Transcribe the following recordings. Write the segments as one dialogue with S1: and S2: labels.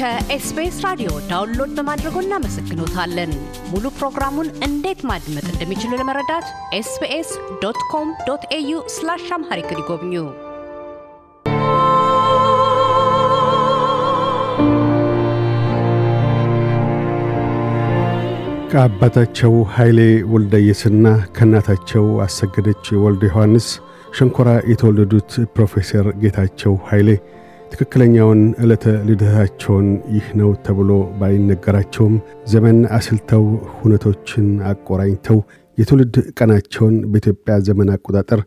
S1: ከኤስቢኤስ ራዲዮ ዳውንሎድ በማድረጎ እናመሰግኖታለን። ሙሉ ፕሮግራሙን እንዴት ማድመጥ እንደሚችሉ ለመረዳት ኤስቢኤስ ዶት ኮም ዶት ኤዩ ስላሽ አምሃሪክ ይጎብኙ። ከአባታቸው ኃይሌ ወልደየስና ከእናታቸው አሰገደች ወልደ ዮሐንስ ሸንኮራ የተወለዱት ፕሮፌሰር ጌታቸው ኃይሌ ትክክለኛውን ዕለተ ልደታቸውን ይህ ነው ተብሎ ባይነገራቸውም ዘመን አስልተው ሁነቶችን አቆራኝተው የትውልድ ቀናቸውን በኢትዮጵያ ዘመን አቆጣጠር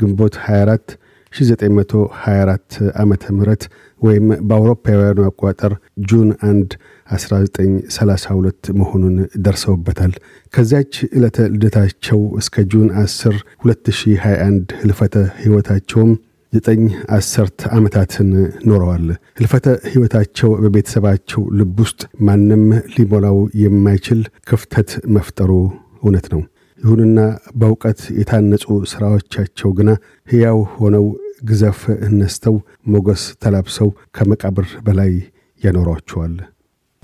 S1: ግንቦት 24 1924 ዓ ም ወይም በአውሮፓውያኑ አቆጣጠር ጁን 1 1932 መሆኑን ደርሰውበታል። ከዚያች ዕለተ ልደታቸው እስከ ጁን 10 2021 ህልፈተ ሕይወታቸውም ዘጠኝ አስርት ዓመታትን ኖረዋል። ህልፈተ ሕይወታቸው በቤተሰባቸው ልብ ውስጥ ማንም ሊሞላው የማይችል ክፍተት መፍጠሩ እውነት ነው። ይሁንና በእውቀት የታነጹ ሥራዎቻቸው ግና ሕያው ሆነው ግዘፍ ነስተው ሞገስ ተላብሰው ከመቃብር በላይ ያኖሯቸዋል።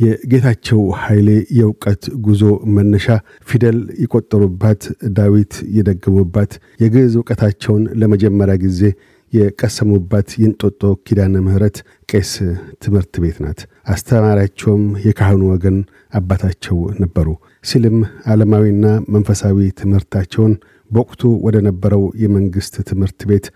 S1: የጌታቸው ኃይሌ የእውቀት ጉዞ መነሻ ፊደል የቆጠሩባት ዳዊት የደገሙባት የግዕዝ እውቀታቸውን ለመጀመሪያ ጊዜ የቀሰሙባት የእንጦጦ ኪዳነ ምህረት ቄስ ትምህርት ቤት ናት። አስተማሪያቸውም የካህኑ ወገን አባታቸው ነበሩ። ሲልም ዓለማዊና መንፈሳዊ ትምህርታቸውን በወቅቱ ወደ ነበረው የመንግሥት ትምህርት ቤት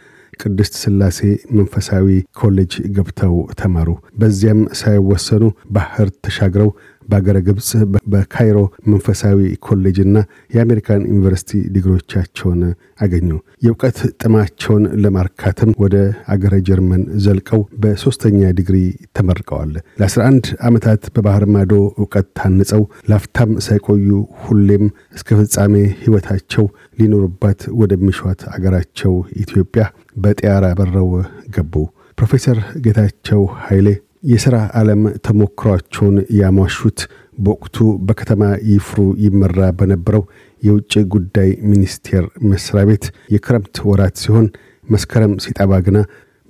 S1: ቅድስት ስላሴ መንፈሳዊ ኮሌጅ ገብተው ተማሩ። በዚያም ሳይወሰኑ ባህር ተሻግረው በአገረ ግብፅ በካይሮ መንፈሳዊ ኮሌጅና የአሜሪካን ዩኒቨርሲቲ ዲግሪዎቻቸውን አገኙ። የእውቀት ጥማቸውን ለማርካትም ወደ አገረ ጀርመን ዘልቀው በሶስተኛ ዲግሪ ተመርቀዋል። ለ11 ዓመታት በባህር ማዶ እውቀት ታንጸው ላፍታም ሳይቆዩ ሁሌም እስከ ፍጻሜ ህይወታቸው ሊኖሩባት ወደሚሿት አገራቸው ኢትዮጵያ በጠያራ በረው ገቡ። ፕሮፌሰር ጌታቸው ኃይሌ የሥራ ዓለም ተሞክሯቸውን ያሟሹት በወቅቱ በከተማ ይፍሩ ይመራ በነበረው የውጭ ጉዳይ ሚኒስቴር መስሪያ ቤት የክረምት ወራት ሲሆን መስከረም ሲጠባ ግና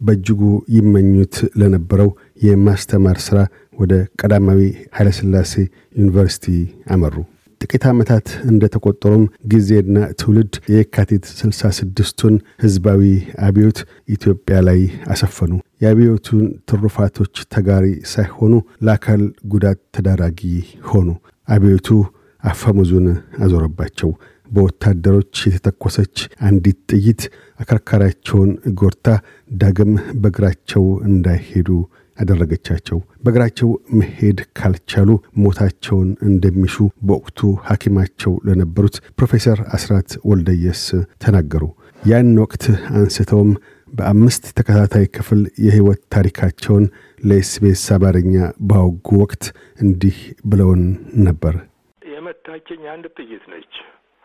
S1: በእጅጉ ይመኙት ለነበረው የማስተማር ሥራ ወደ ቀዳማዊ ኃይለሥላሴ ዩኒቨርሲቲ አመሩ። ጥቂት ዓመታት እንደተቆጠሩም ጊዜና ትውልድ የካቲት 66ቱን ህዝባዊ አብዮት ኢትዮጵያ ላይ አሰፈኑ። የአብዮቱን ትሩፋቶች ተጋሪ ሳይሆኑ ለአካል ጉዳት ተዳራጊ ሆኑ። አብዮቱ አፈሙዙን አዞረባቸው። በወታደሮች የተተኮሰች አንዲት ጥይት አከርካሪያቸውን ጎርታ ዳግም በእግራቸው እንዳይሄዱ አደረገቻቸው። በእግራቸው መሄድ ካልቻሉ ሞታቸውን እንደሚሹ በወቅቱ ሐኪማቸው ለነበሩት ፕሮፌሰር አስራት ወልደየስ ተናገሩ። ያን ወቅት አንስተውም በአምስት ተከታታይ ክፍል የሕይወት ታሪካቸውን ለኤስቤስ አማርኛ ባወጉ ወቅት እንዲህ ብለውን ነበር። የመታችኝ አንድ ጥይት ነች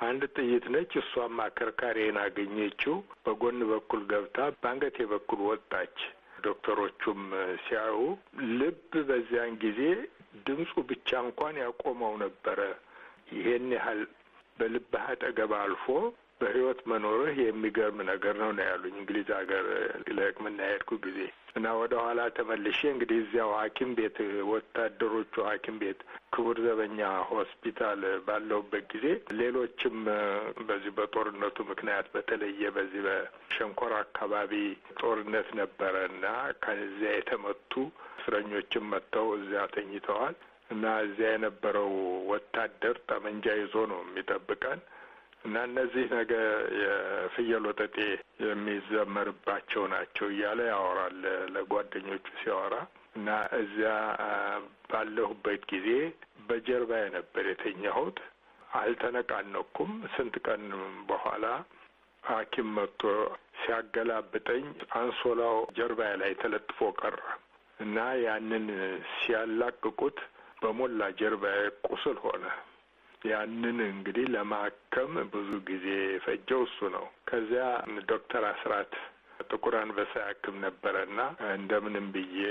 S2: አንድ ጥይት ነች። እሷም አከርካሪን አገኘችው። በጎን በኩል ገብታ በአንገቴ በኩል ወጣች። ዶክተሮቹም ሲያዩ ልብ በዚያን ጊዜ ድምፁ ብቻ እንኳን ያቆመው ነበረ። ይሄን ያህል በልብህ አጠገብ አልፎ በህይወት መኖርህ የሚገርም ነገር ነው ነው ያሉኝ። እንግሊዝ ሀገር ለሕክምና የሄድኩ ጊዜ እና ወደ ኋላ ተመልሼ እንግዲህ እዚያው ሐኪም ቤት ወታደሮቹ ሐኪም ቤት ክቡር ዘበኛ ሆስፒታል ባለውበት ጊዜ ሌሎችም በዚህ በጦርነቱ ምክንያት በተለየ በዚህ በሸንኮራ አካባቢ ጦርነት ነበረ እና ከዚያ የተመቱ እስረኞችም መጥተው እዚያ ተኝተዋል እና እዚያ የነበረው ወታደር ጠመንጃ ይዞ ነው የሚጠብቀን እና እነዚህ ነገ የፍየል ወጠጤ የሚዘመርባቸው ናቸው እያለ ያወራል ለጓደኞቹ ሲያወራ እና እዚያ ባለሁበት ጊዜ በጀርባዬ ነበር የተኛሁት። አልተነቃነኩም። ስንት ቀን በኋላ ሐኪም መጥቶ ሲያገላብጠኝ አንሶላው ጀርባዬ ላይ ተለጥፎ ቀረ እና ያንን ሲያላቅቁት በሞላ ጀርባዬ ቁስል ሆነ። ያንን እንግዲህ ለማከም ብዙ ጊዜ የፈጀው እሱ ነው። ከዚያ ዶክተር አስራት ጥቁር አንበሳ ያክም ነበረና እንደምንም ብዬ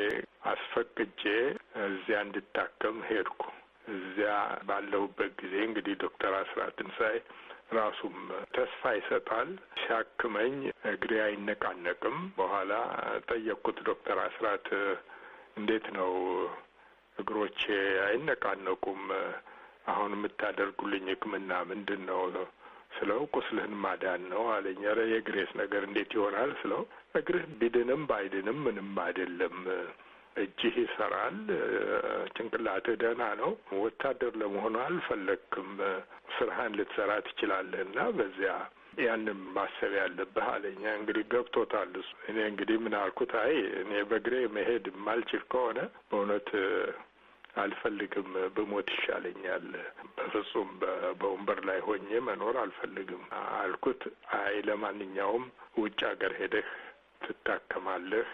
S2: አስፈቅጄ እዚያ እንድታከም ሄድኩ። እዚያ ባለሁበት ጊዜ እንግዲህ ዶክተር አስራትን ሳይ ራሱም ተስፋ ይሰጣል። ሲያክመኝ እግሬ አይነቃነቅም። በኋላ ጠየቅኩት ዶክተር አስራት እንዴት ነው እግሮቼ አይነቃነቁም አሁን የምታደርጉልኝ ሕክምና ምንድን ነው ስለው ቁስልህን ማዳን ነው አለኝ። ኧረ የግሬስ ነገር እንዴት ይሆናል ስለው እግርህ ቢድንም ባይድንም ምንም አይደለም፣ እጅህ ይሰራል፣ ጭንቅላትህ ደህና ነው። ወታደር ለመሆኑ አልፈለግክም፣ ስራህን ልትሰራ ትችላለህ እና በዚያ ያንም ማሰብ ያለብህ አለኝ። እንግዲህ ገብቶታል እሱ። እኔ እንግዲህ ምን አልኩት? አይ እኔ በእግሬ መሄድ የማልችል ከሆነ በእውነት አልፈልግም፣ ብሞት ይሻለኛል፣ በፍጹም በወንበር ላይ ሆኜ መኖር አልፈልግም አልኩት። አይ ለማንኛውም ውጭ ሀገር ሄደህ ትታከማለህ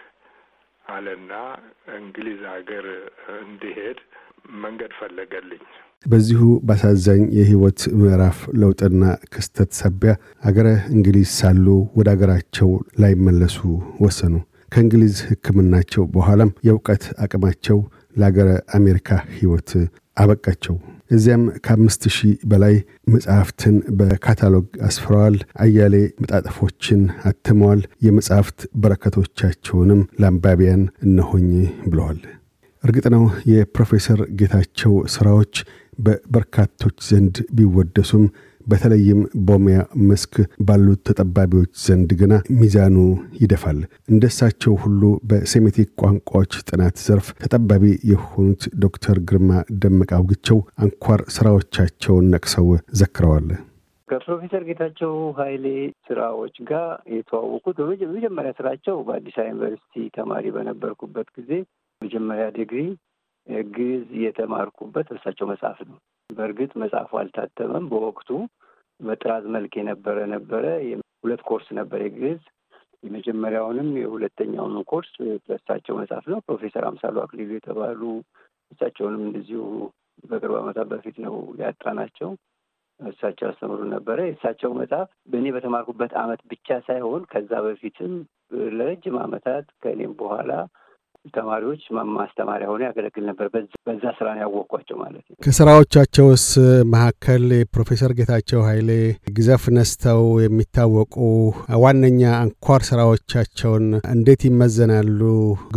S2: አለና እንግሊዝ ሀገር እንዲሄድ መንገድ ፈለገልኝ።
S1: በዚሁ በአሳዛኝ የህይወት ምዕራፍ ለውጥና ክስተት ሳቢያ አገረ እንግሊዝ ሳሉ ወደ አገራቸው ላይመለሱ ወሰኑ። ከእንግሊዝ ሕክምናቸው በኋላም የእውቀት አቅማቸው ለአገረ አሜሪካ ህይወት አበቃቸው። እዚያም ከአምስት ሺህ በላይ መጽሐፍትን በካታሎግ አስፍረዋል። አያሌ መጣጥፎችን አትመዋል። የመጽሐፍት በረከቶቻቸውንም ለአንባቢያን እነሆኝ ብለዋል። እርግጥ ነው የፕሮፌሰር ጌታቸው ስራዎች በበርካቶች ዘንድ ቢወደሱም በተለይም በሙያ መስክ ባሉት ተጠባቢዎች ዘንድ ግና ሚዛኑ ይደፋል። እንደሳቸው ሁሉ በሴሜቲክ ቋንቋዎች ጥናት ዘርፍ ተጠባቢ የሆኑት ዶክተር ግርማ ደመቅ አውግቸው አንኳር ስራዎቻቸውን ነቅሰው ዘክረዋል።
S3: ከፕሮፌሰር ጌታቸው ኃይሌ ስራዎች ጋር የተዋወቁት በመጀመሪያ ስራቸው በአዲስ አበባ ዩኒቨርሲቲ ተማሪ በነበርኩበት ጊዜ መጀመሪያ ዲግሪ ግዝ የተማርኩበት እርሳቸው መጽሐፍ ነው። በእርግጥ መጽሐፉ አልታተመም። በወቅቱ በጥራዝ መልክ የነበረ ነበረ። ሁለት ኮርስ ነበር የግዕዝ የመጀመሪያውንም የሁለተኛውንም ኮርስ በእሳቸው መጽሐፍ ነው። ፕሮፌሰር አምሳሉ አክሊሉ የተባሉ እሳቸውንም እንደዚሁ በቅርብ ዓመታት በፊት ነው ያጣናቸው። እሳቸው ያስተምሩ ነበረ። የእሳቸው መጽሐፍ በእኔ በተማርኩበት ዓመት ብቻ ሳይሆን ከዛ በፊትም ለረጅም ዓመታት ከእኔም በኋላ ተማሪዎች ማስተማሪያ ሆኖ ያገለግል ነበር። በዛ ስራ ነው ያወቅኳቸው ማለት
S1: ነው። ከስራዎቻቸውስ መካከል የፕሮፌሰር ጌታቸው ኃይሌ ግዘፍ ነስተው የሚታወቁ ዋነኛ አንኳር ስራዎቻቸውን እንዴት ይመዘናሉ?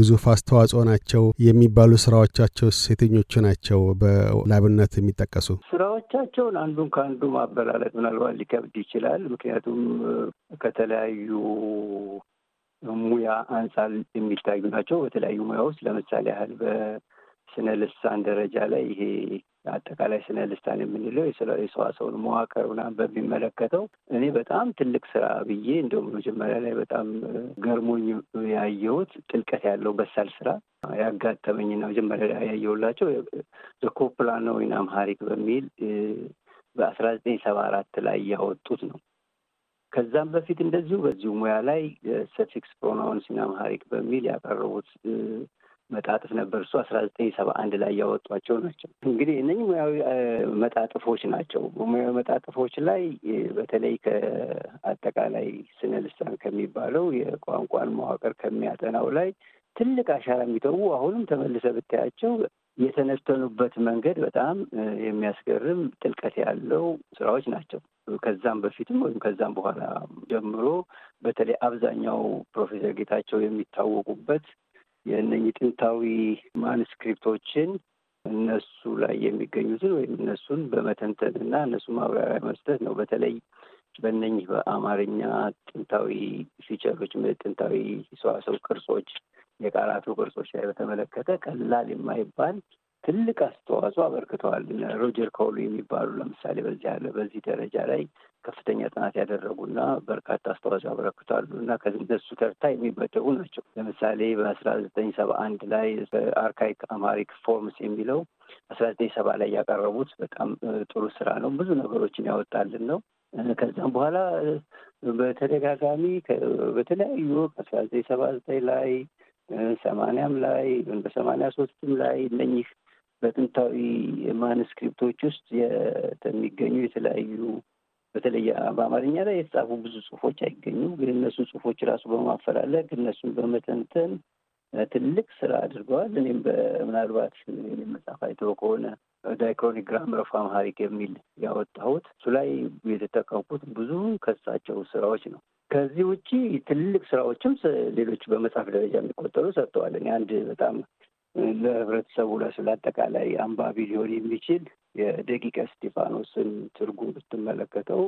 S1: ግዙፍ አስተዋጽኦ ናቸው የሚባሉ ስራዎቻቸውስ የትኞቹ ናቸው? በላብነት የሚጠቀሱ
S3: ስራዎቻቸውን አንዱን ከአንዱ ማበላለጥ ምናልባት ሊከብድ ይችላል። ምክንያቱም ከተለያዩ ሙያ አንጻር የሚታዩ ናቸው። በተለያዩ ሙያ ውስጥ ለምሳሌ ያህል በስነ ልሳን ደረጃ ላይ ይሄ አጠቃላይ ስነ ልሳን የምንለው የሰዋሰውን መዋቅር ምናምን በሚመለከተው እኔ በጣም ትልቅ ስራ ብዬ እንደውም መጀመሪያ ላይ በጣም ገርሞኝ ያየሁት ጥልቀት ያለው በሳል ስራ ያጋጠመኝና መጀመሪያ ላይ ያየሁላቸው ዘኮፕላኖ ወይን አምሃሪክ በሚል በአስራ ዘጠኝ ሰባ አራት ላይ ያወጡት ነው። ከዛም በፊት እንደዚሁ በዚሁ ሙያ ላይ ሰፊክስ ፕሮናውንስ ኢን አምሃሪክ በሚል ያቀረቡት መጣጥፍ ነበር። እሱ አስራ ዘጠኝ ሰባ አንድ ላይ ያወጧቸው ናቸው። እንግዲህ እነኝህ ሙያዊ መጣጥፎች ናቸው። በሙያዊ መጣጥፎች ላይ በተለይ ከአጠቃላይ ስነ ልሳን ከሚባለው የቋንቋን መዋቅር ከሚያጠናው ላይ ትልቅ አሻራ የሚተዉ አሁንም ተመልሰ ብታያቸው የተነተኑበት መንገድ በጣም የሚያስገርም ጥልቀት ያለው ስራዎች ናቸው። ከዛም በፊትም ወይም ከዛም በኋላ ጀምሮ በተለይ አብዛኛው ፕሮፌሰር ጌታቸው የሚታወቁበት የእነኝህ ጥንታዊ ማንስክሪፕቶችን እነሱ ላይ የሚገኙትን ወይም እነሱን በመተንተን እና እነሱ ማብራሪያ መስጠት ነው። በተለይ በእነኝህ በአማርኛ ጥንታዊ ፊቸሮች፣ ጥንታዊ ሰዋሰው ቅርጾች፣ የቃላቱ ቅርጾች ላይ በተመለከተ ቀላል የማይባል ትልቅ አስተዋጽኦ አበርክተዋል። ሮጀር ኮውሉ የሚባሉ ለምሳሌ በዚህ ያለ በዚህ ደረጃ ላይ ከፍተኛ ጥናት ያደረጉና በርካታ አስተዋጽኦ ያበረክታሉ እና ከእነሱ ተርታ የሚመደቡ ናቸው። ለምሳሌ በአስራ ዘጠኝ ሰባ አንድ ላይ አርካይክ አማሪክ ፎርምስ የሚለው አስራ ዘጠኝ ሰባ ላይ ያቀረቡት በጣም ጥሩ ስራ ነው። ብዙ ነገሮችን ያወጣልን ነው። ከዛም በኋላ በተደጋጋሚ በተለያዩ አስራ ዘጠኝ ሰባ ዘጠኝ ላይ ሰማንያም ላይ በሰማንያ ሶስትም ላይ እነኚህ በጥንታዊ ማንስክሪፕቶች ውስጥ የሚገኙ የተለያዩ በተለይ በአማርኛ ላይ የተጻፉ ብዙ ጽሁፎች አይገኙም። ግን እነሱን ጽሁፎች ራሱ በማፈላለግ እነሱን በመተንተን ትልቅ ስራ አድርገዋል። እኔም ምናልባት መጽሐፍ አይቶ ከሆነ ዳይክሮኒክ ግራመር ኦፍ አምሃሪክ የሚል ያወጣሁት እሱ ላይ የተጠቀምኩት ብዙ ከሳቸው ስራዎች ነው። ከዚህ ውጭ ትልቅ ስራዎችም ሌሎች በመጽሐፍ ደረጃ የሚቆጠሩ ሰጥተዋል። እኔ አንድ በጣም ለህብረተሰቡ አጠቃላይ አንባቢ ሊሆን የሚችል የደቂቀ እስጢፋኖስን ትርጉም ብትመለከተው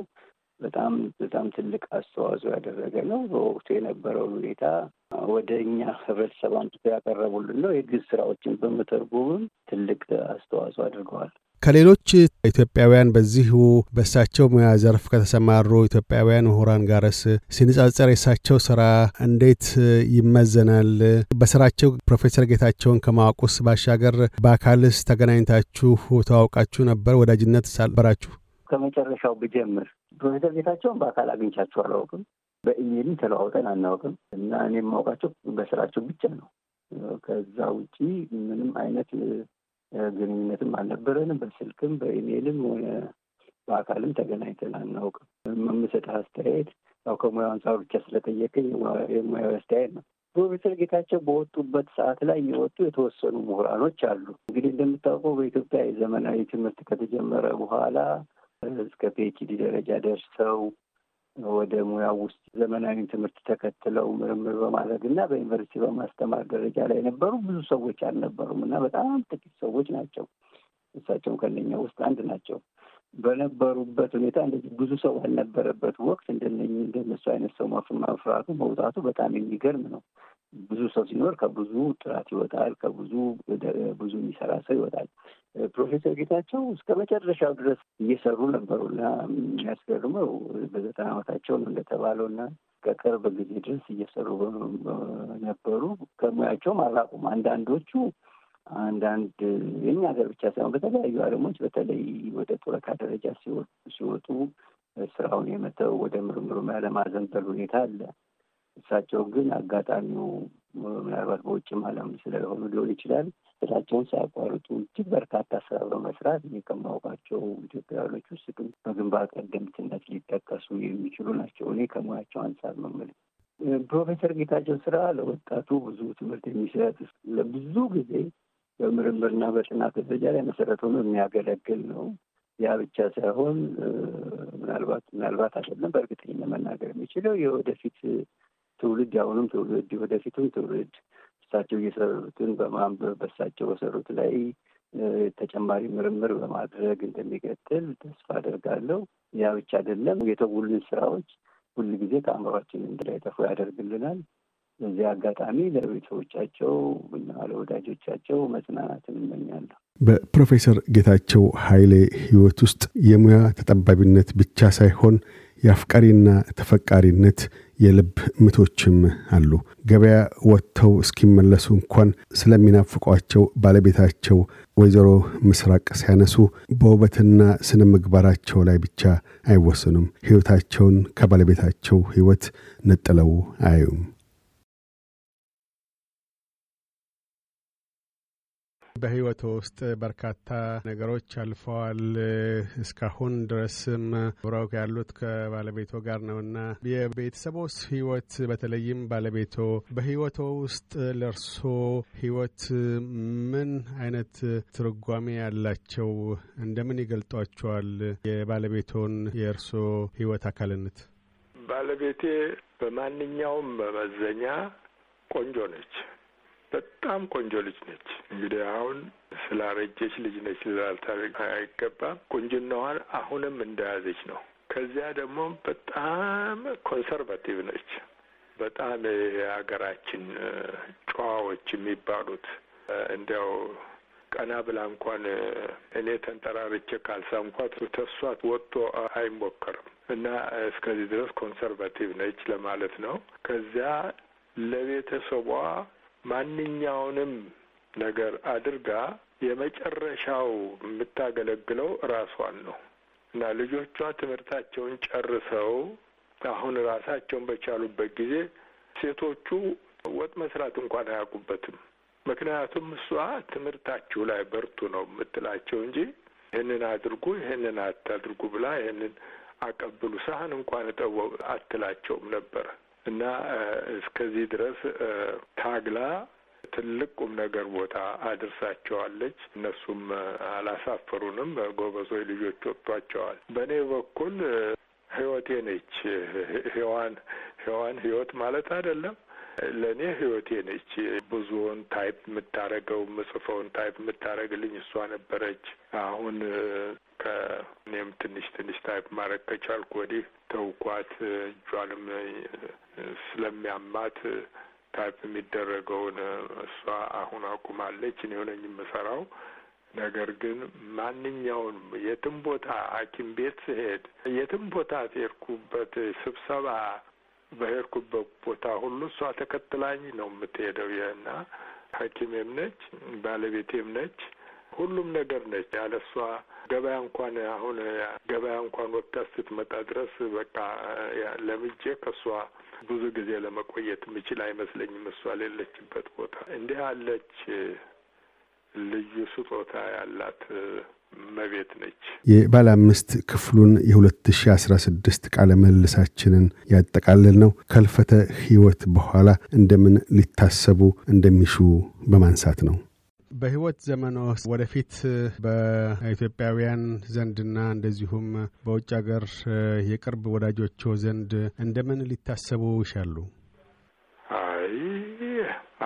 S3: በጣም በጣም ትልቅ አስተዋጽኦ ያደረገ ነው። በወቅቱ የነበረውን ሁኔታ ወደ እኛ ህብረተሰብ አምጥቶ ያቀረቡልን ነው። የግዕዝ ስራዎችን በመተርጎምም ትልቅ አስተዋጽኦ አድርገዋል።
S1: ከሌሎች ኢትዮጵያውያን በዚሁ በእሳቸው ሙያ ዘርፍ ከተሰማሩ ኢትዮጵያውያን ምሁራን ጋርስ ሲነጻጸር የእሳቸው ስራ እንዴት ይመዘናል? በስራቸው ፕሮፌሰር ጌታቸውን ከማወቁስ ባሻገር በአካልስ ተገናኝታችሁ ተዋውቃችሁ ነበር? ወዳጅነት ሳልበራችሁ?
S3: ከመጨረሻው ብጀምር ፕሮፌሰር ጌታቸውን በአካል አግኝቻቸው አላውቅም። በኢሜልም ተለዋውጠን አናውቅም እና እኔ የማውቃቸው በስራቸው ብቻ ነው። ከዛ ውጪ ምንም አይነት ግንኙነትም አልነበረንም። በስልክም በኢሜይልም ሆነ በአካልም ተገናኝተን አናውቅም። የምሰጥህ አስተያየት ያው ከሙያው አንጻር ብቻ ስለጠየቀኝ የሙያዊ አስተያየት ነው። ፕሮፌሰር ጌታቸው በወጡበት ሰዓት ላይ የወጡ የተወሰኑ ምሁራኖች አሉ። እንግዲህ እንደምታውቀው በኢትዮጵያ የዘመናዊ ትምህርት ከተጀመረ በኋላ እስከ ፒኤችዲ ደረጃ ደርሰው ወደ ሙያው ውስጥ ዘመናዊ ትምህርት ተከትለው ምርምር በማድረግ እና በዩኒቨርሲቲ በማስተማር ደረጃ ላይ የነበሩ ብዙ ሰዎች አልነበሩም እና በጣም ጥቂት ሰዎች ናቸው። እሳቸውም ከነኛ ውስጥ አንድ ናቸው። በነበሩበት ሁኔታ እንደዚህ ብዙ ሰው ባልነበረበት ወቅት እንደነ እንደነሱ አይነት ሰው ማፍራቱ መውጣቱ በጣም የሚገርም ነው። ብዙ ሰው ሲኖር ከብዙ ጥራት ይወጣል፣ ከብዙ ብዙ የሚሰራ ሰው ይወጣል። ፕሮፌሰር ጌታቸው እስከ መጨረሻው ድረስ እየሰሩ ነበሩ እና የሚያስገርመው በዘጠና ዓመታቸው ነው እንደተባለው እና ከቅርብ ጊዜ ድረስ እየሰሩ ነበሩ። ከሙያቸውም አልራቁም። አንዳንዶቹ አንዳንድ የኛ ሀገር ብቻ ሳይሆን በተለያዩ ዓለሞች በተለይ ወደ ጡረታ ደረጃ ሲወጡ ስራውን የመተው ወደ ምርምሩ ያለማዘንበል ሁኔታ አለ። እሳቸው ግን አጋጣሚው ምናልባት በውጭም ዓለም ስለሆኑ ሊሆን ይችላል ስራቸውን ሳያቋርጡ እጅግ በርካታ ስራ በመስራት እኔ ከማውቃቸው ኢትዮጵያውያኖች ውስጥ ግን በግንባር ቀደምትነት ሊጠቀሱ የሚችሉ ናቸው። እኔ ከሙያቸው አንጻር መመልከት ፕሮፌሰር ጌታቸው ስራ ለወጣቱ ብዙ ትምህርት የሚሰጥ ለብዙ ጊዜ በምርምርና በጥናት ደረጃ ላይ መሰረት ሆኖ የሚያገለግል ነው። ያ ብቻ ሳይሆን ምናልባት ምናልባት አይደለም በእርግጠኝነት መናገር የሚችለው የወደፊት ትውልድ የአሁኑም ትውልድ ወደፊቱም ትውልድ እሳቸው እየሰሩትን በማንበብ በሳቸው በሰሩት ላይ ተጨማሪ ምርምር በማድረግ እንደሚቀጥል ተስፋ አደርጋለሁ። ያ ብቻ አይደለም፣ የተውልን ስራዎች ሁል ጊዜ ከአእምሯችን እንዳይጠፉ ያደርግልናል። በዚህ አጋጣሚ ለቤተሰቦቻቸው እና ለወዳጆቻቸው መጽናናትን እመኛለሁ።
S1: በፕሮፌሰር ጌታቸው ኃይሌ ህይወት ውስጥ የሙያ ተጠባቢነት ብቻ ሳይሆን የአፍቃሪና ተፈቃሪነት የልብ ምቶችም አሉ። ገበያ ወጥተው እስኪመለሱ እንኳን ስለሚናፍቋቸው ባለቤታቸው ወይዘሮ ምስራቅ ሲያነሱ በውበትና ስነ ምግባራቸው ላይ ብቻ አይወሰኑም። ሕይወታቸውን ከባለቤታቸው ሕይወት ነጥለው አያዩም። በህይወት ውስጥ በርካታ ነገሮች አልፈዋል። እስካሁን ድረስም አብረው ያሉት ከባለቤቶ ጋር ነውና የቤተሰቦስ ህይወት በተለይም ባለቤቶ በህይወቶ ውስጥ ለእርሶ ህይወት ምን አይነት ትርጓሜ ያላቸው እንደምን ይገልጧቸዋል? የባለቤቶን የእርሶ ህይወት አካልነት
S2: ባለቤቴ በማንኛውም መመዘኛ ቆንጆ ነች። በጣም ቆንጆ ልጅ ነች። እንግዲህ አሁን ስላረጀች ልጅ ነች ልላልታ አይገባም። ቁንጅናዋን አሁንም እንደያዘች ነው። ከዚያ ደግሞ በጣም ኮንሰርቫቲቭ ነች። በጣም የሀገራችን ጨዋዎች የሚባሉት እንዲያው ቀና ብላ እንኳን እኔ ተንጠራርቼ ካልሳምኳት ተሷት ወጥቶ አይሞከርም እና እስከዚህ ድረስ ኮንሰርቫቲቭ ነች ለማለት ነው። ከዚያ ለቤተሰቧ ማንኛውንም ነገር አድርጋ የመጨረሻው የምታገለግለው ራሷን ነው እና ልጆቿ ትምህርታቸውን ጨርሰው አሁን ራሳቸውን በቻሉበት ጊዜ ሴቶቹ ወጥ መስራት እንኳን አያውቁበትም። ምክንያቱም እሷ ትምህርታችሁ ላይ በርቱ ነው የምትላቸው እንጂ ይህንን አድርጉ፣ ይህንን አታድርጉ ብላ ይህንን አቀብሉ፣ ሳህን እንኳን እጠቡ አትላቸውም ነበረ። እና እስከዚህ ድረስ ታግላ ትልቅ ቁም ነገር ቦታ አድርሳቸዋለች። እነሱም አላሳፈሩንም። ጎበዞች ልጆች ወጥቷቸዋል። በእኔ በኩል ህይወቴ ነች። ህዋን ህዋን ህይወት ማለት አይደለም ለእኔ ህይወቴ ነች። ብዙውን ታይፕ የምታረገው ምጽፈውን ታይፕ የምታደርግልኝ እሷ ነበረች። አሁን ከእኔም ትንሽ ትንሽ ታይፕ ማድረግ ከቻልኩ ወዲህ ተውኳት። እጇንም ስለሚያማት ታይፕ የሚደረገውን እሷ አሁን አቁማለች። እኔ ሆነኝ የምሰራው ነገር ግን ማንኛውንም የትም ቦታ ሐኪም ቤት ስሄድ የትም ቦታ ሄድኩበት ስብሰባ በሄድኩበት ቦታ ሁሉ እሷ ተከትላኝ ነው የምትሄደው። ይህና ሐኪሜም ነች ባለቤቴም ነች። ሁሉም ነገር ነች። ያለሷ ገበያ እንኳን አሁን ገበያ እንኳን ወጥታ ስትመጣ ድረስ በቃ ለምጄ ከሷ ብዙ ጊዜ ለመቆየት የምችል አይመስለኝም። እሷ ሌለችበት ቦታ እንዲህ አለች ልዩ ስጦታ
S1: ያላት መቤት ነች። የባለ አምስት ክፍሉን የ2016 ቃለ መልሳችንን ያጠቃልል ነው። ከልፈተ ህይወት በኋላ እንደምን ሊታሰቡ እንደሚሹ በማንሳት ነው። በህይወት ዘመኖ ወደፊት በኢትዮጵያውያን ዘንድና እንደዚሁም በውጭ ሀገር የቅርብ ወዳጆቹ ዘንድ እንደምን ሊታሰቡ ይሻሉ?
S2: አይ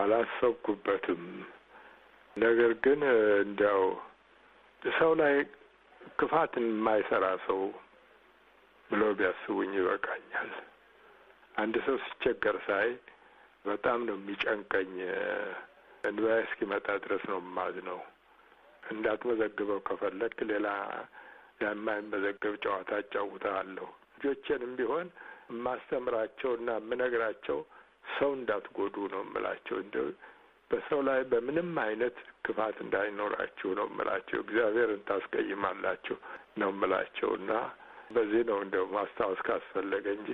S2: አላሰብኩበትም። ነገር ግን እንዲያው ሰው ላይ ክፋትን የማይሰራ ሰው ብሎ ቢያስቡኝ ይበቃኛል። አንድ ሰው ሲቸገር ሳይ በጣም ነው የሚጨንቀኝ። እንባ እስኪመጣ ድረስ ነው ማዝ ነው። እንዳትመዘግበው ከፈለክ ሌላ የማይመዘገብ ጨዋታ አጫውተሃለሁ። ልጆቼንም ቢሆን የማስተምራቸውና የምነግራቸው ሰው እንዳትጎዱ ነው የምላቸው። እንዲ በሰው ላይ በምንም አይነት ክፋት እንዳይኖራችሁ ነው የምላቸው። እግዚአብሔርን ታስቀይማላችሁ ነው የምላቸው እና በዚህ ነው እንደው ማስታወስ ካስፈለገ እንጂ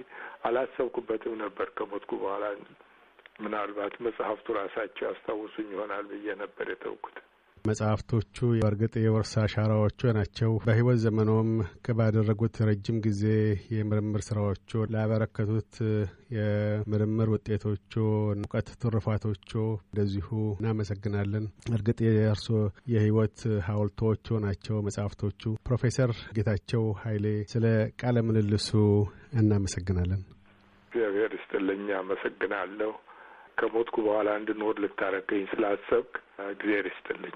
S2: አላሰብኩበትም ነበር ከሞትኩ በኋላ ምናልባት መጽሐፍቱ ራሳቸው ያስታውሱኝ ይሆናል ብዬ ነበር የተውኩት።
S1: መጽሐፍቶቹ በእርግጥ የወርሳ አሻራዎቹ ናቸው። በህይወት ዘመኖም ከባደረጉት ረጅም ጊዜ የምርምር ስራዎቹ ላበረከቱት የምርምር ውጤቶቹ፣ እውቀት ትሩፋቶቹ እንደዚሁ እናመሰግናለን። እርግጥ የእርሶ የህይወት ሀውልቶቹ ናቸው መጽሐፍቶቹ። ፕሮፌሰር ጌታቸው ኃይሌ ስለ ቃለ ምልልሱ እናመሰግናለን።
S2: እግዚአብሔር ይስጥልኝ። አመሰግናለሁ። ከሞትኩ በኋላ እንድኖር ልታረገኝ ስላሰብክ እግዜር ይስጥልኝ።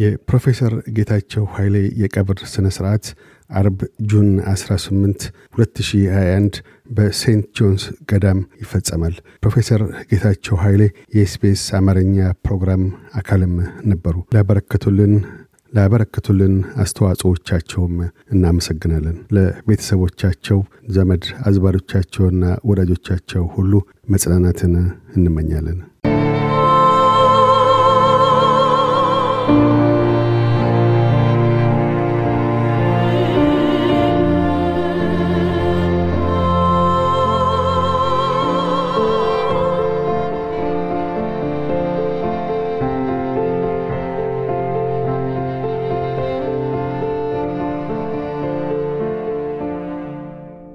S1: የፕሮፌሰር ጌታቸው ኃይሌ የቀብር ስነ ስርዓት አርብ ጁን 18 2021 በሴንት ጆንስ ገዳም ይፈጸማል። ፕሮፌሰር ጌታቸው ኃይሌ የኤስቢኤስ አማርኛ ፕሮግራም አካልም ነበሩ። ላበረከቱልን ላበረከቱልን አስተዋጽኦቻቸውም እናመሰግናለን። ለቤተሰቦቻቸው፣ ዘመድ አዝባሪዎቻቸውና ወዳጆቻቸው ሁሉ መጽናናትን እንመኛለን።